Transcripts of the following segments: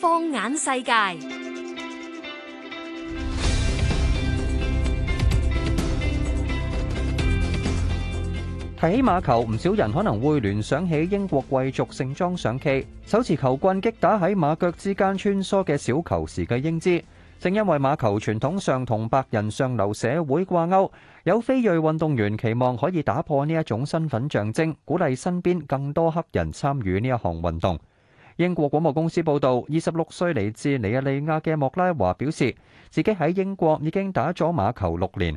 放眼世界，提起馬球，唔少人可能會聯想起英國貴族盛裝上陣，手持球棍擊打喺馬腳之間穿梭嘅小球時嘅英姿。正因為馬球傳統上同白人上流社會掛鈎，有非裔運動員期望可以打破呢一種身份象徵，鼓勵身邊更多黑人參與呢一項運動。英國廣播公司報道，二十六歲嚟自尼日利亞嘅莫拉華表示，自己喺英國已經打咗馬球六年。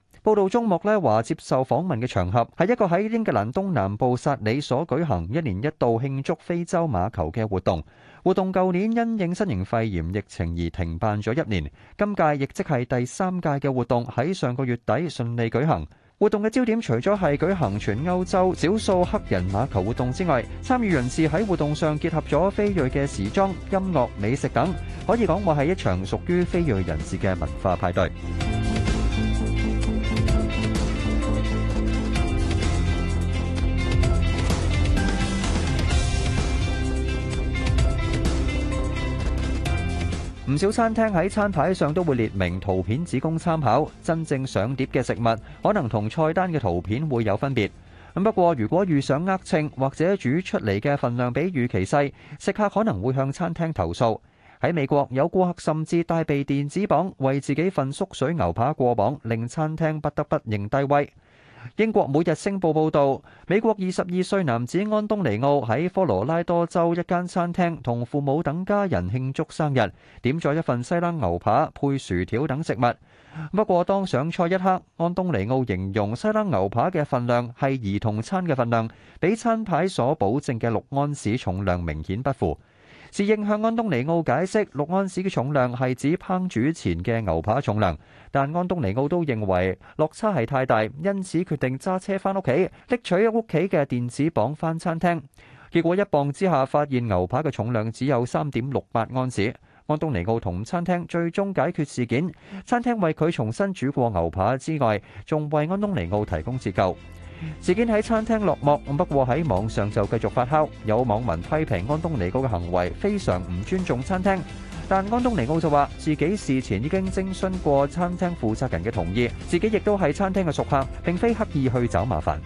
報道中，莫咧話接受訪問嘅場合係一個喺英格蘭東南部薩里所舉行一年一度慶祝非洲馬球嘅活動。活動舊年因應新型肺炎疫情而停辦咗一年，今屆亦即係第三屆嘅活動喺上個月底順利舉行。活動嘅焦點除咗係舉行全歐洲少數黑人馬球活動之外，參與人士喺活動上結合咗非裔嘅時裝、音樂、美食等，可以講話係一場屬於非裔人士嘅文化派對。唔少餐廳喺餐牌上都會列明圖片只供參考，真正上碟嘅食物可能同菜單嘅圖片會有分別。咁不過，如果遇上呃稱或者煮出嚟嘅份量比預期細，食客可能會向餐廳投訴。喺美國，有顧客甚至帶備電子磅，為自己份縮水牛扒過磅，令餐廳不得不認低威。英國每日星報報導，美國二十二歲男子安東尼奧喺科羅拉多州一間餐廳同父母等家人慶祝生日，點咗一份西冷牛扒配薯條等食物。不過，當上菜一刻，安東尼奧形容西冷牛扒嘅份量係兒童餐嘅份量，比餐牌所保證嘅六安士重量明顯不符。侍應向安東尼奧解釋六安士嘅重量係指烹煮前嘅牛扒重量，但安東尼奧都認為落差係太大，因此決定揸車返屋企，拎取屋企嘅電子磅返餐廳。結果一磅之下，發現牛扒嘅重量只有三點六八安士。安東尼奧同餐廳最終解決事件，餐廳為佢重新煮過牛扒之外，仲為安東尼奧提供折扣。事件喺餐廳落幕，不過喺網上就繼續發酵。有網民批評安東尼奧嘅行為非常唔尊重餐廳，但安東尼奧就話自己事前已經徵詢過餐廳負責人嘅同意，自己亦都係餐廳嘅熟客，並非刻意去找麻煩。